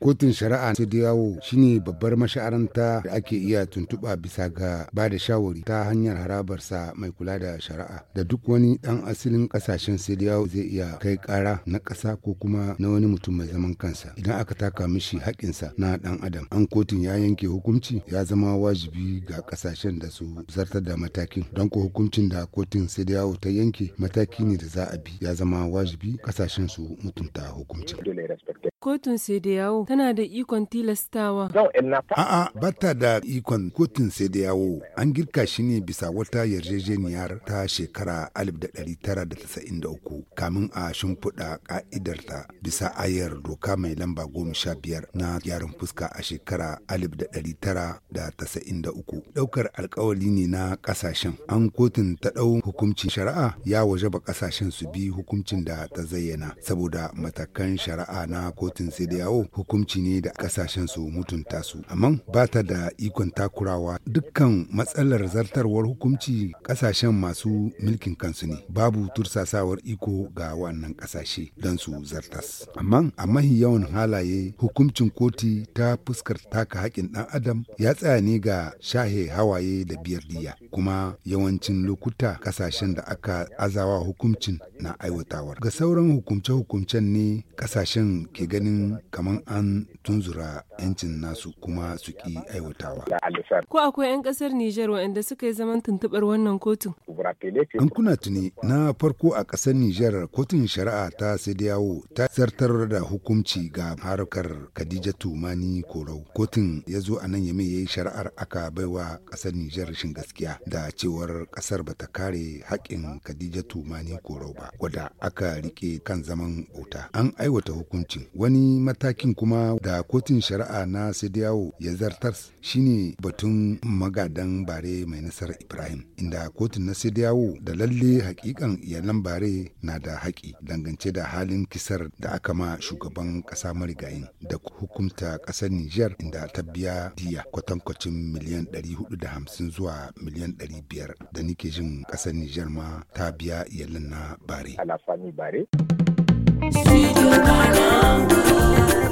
Kotun shari'a na yawo shine babbar mashaaranta da ake iya tuntuɓa bisa ga ba da shawari ta hanyar harabarsa mai kula da shari'a da duk wani ɗan asalin kasashen su zai iya kai ƙara na ƙasa ko kuma na wani mutum mai zaman kansa idan aka taka mishi haƙƙinsa na ɗan adam an kotun ya yanke hukunci ya zama wajibi ga ƙasashen da su zartar da matakin don ko hukuncin da kotun sai da ta yanke mataki ne da za a bi ya zama wajibi kasashen su mutunta hukuncin. kotun yawo tana da ikon tilastawa. A'a bata da ikon kotun yawo an girka shi ne bisa wata yarjejeniyar ta shekara 1993 kamin a shimfiɗa ka'idarta bisa ayar doka mai lamba goma sha biyar na gyaran fuska a shekara 1993 ɗaukar alkawali ne na ƙasashen an kotun ta ɗau hukuncin shari'a ya waje ba ƙasashen su bi hukuncin da ta zayyana saboda matakan shari'a na kotun da yawo hukunci ne da kasashen su mutunta su amma ba ta da ikon takurawa dukkan matsalar zartarwar hukunci kasashen masu milkin kansu ne babu tursasawar iko ga wannan kasashe don su zartas amma a mahi yawan halaye hukuncin koti ta fuskar taka haƙin ɗan adam ya tsaya ne ga shahe hawaye da biyar diya kuma yawancin lokuta kasashen da aka azawa hukuncin na aiwatawar ga sauran hukumce-hukumcen ne kasashen ke gani ganin kaman an tunzura 'yancin nasu kuma su ki aiwatawa. Ko akwai 'yan kasar Nijar waɗanda suka yi zaman tuntuɓar wannan kotun? An kuna tuni na farko a kasar Nijar kotun shari'a ta yawo ta zartar da hukunci ga harkar Khadija tumani Korau. Kotun ya zo a nan ya mai shari'ar aka baiwa kasar Nijar shin gaskiya da cewar ƙasar bata kare haƙƙin Khadija Tumani Korau ba. Wada aka rike kan zaman bauta. An aiwata hukuncin wani matakin kuma da kotun shari'a na Sidiyawo ya zartar shine batun magadan bare mai nasarar Ibrahim inda kotun na Sidiyawo da lalle hakikan iyalan bare na da haƙi dangance da halin kisar da aka ma shugaban ƙasa marigayin da hukumta ƙasar Nijar inda ta biya diya kwatankwacin miliyan 450 zuwa miliyan 500 da nike jin ƙasar Nijar ma ta biya iyalan na bare. Studio Banana.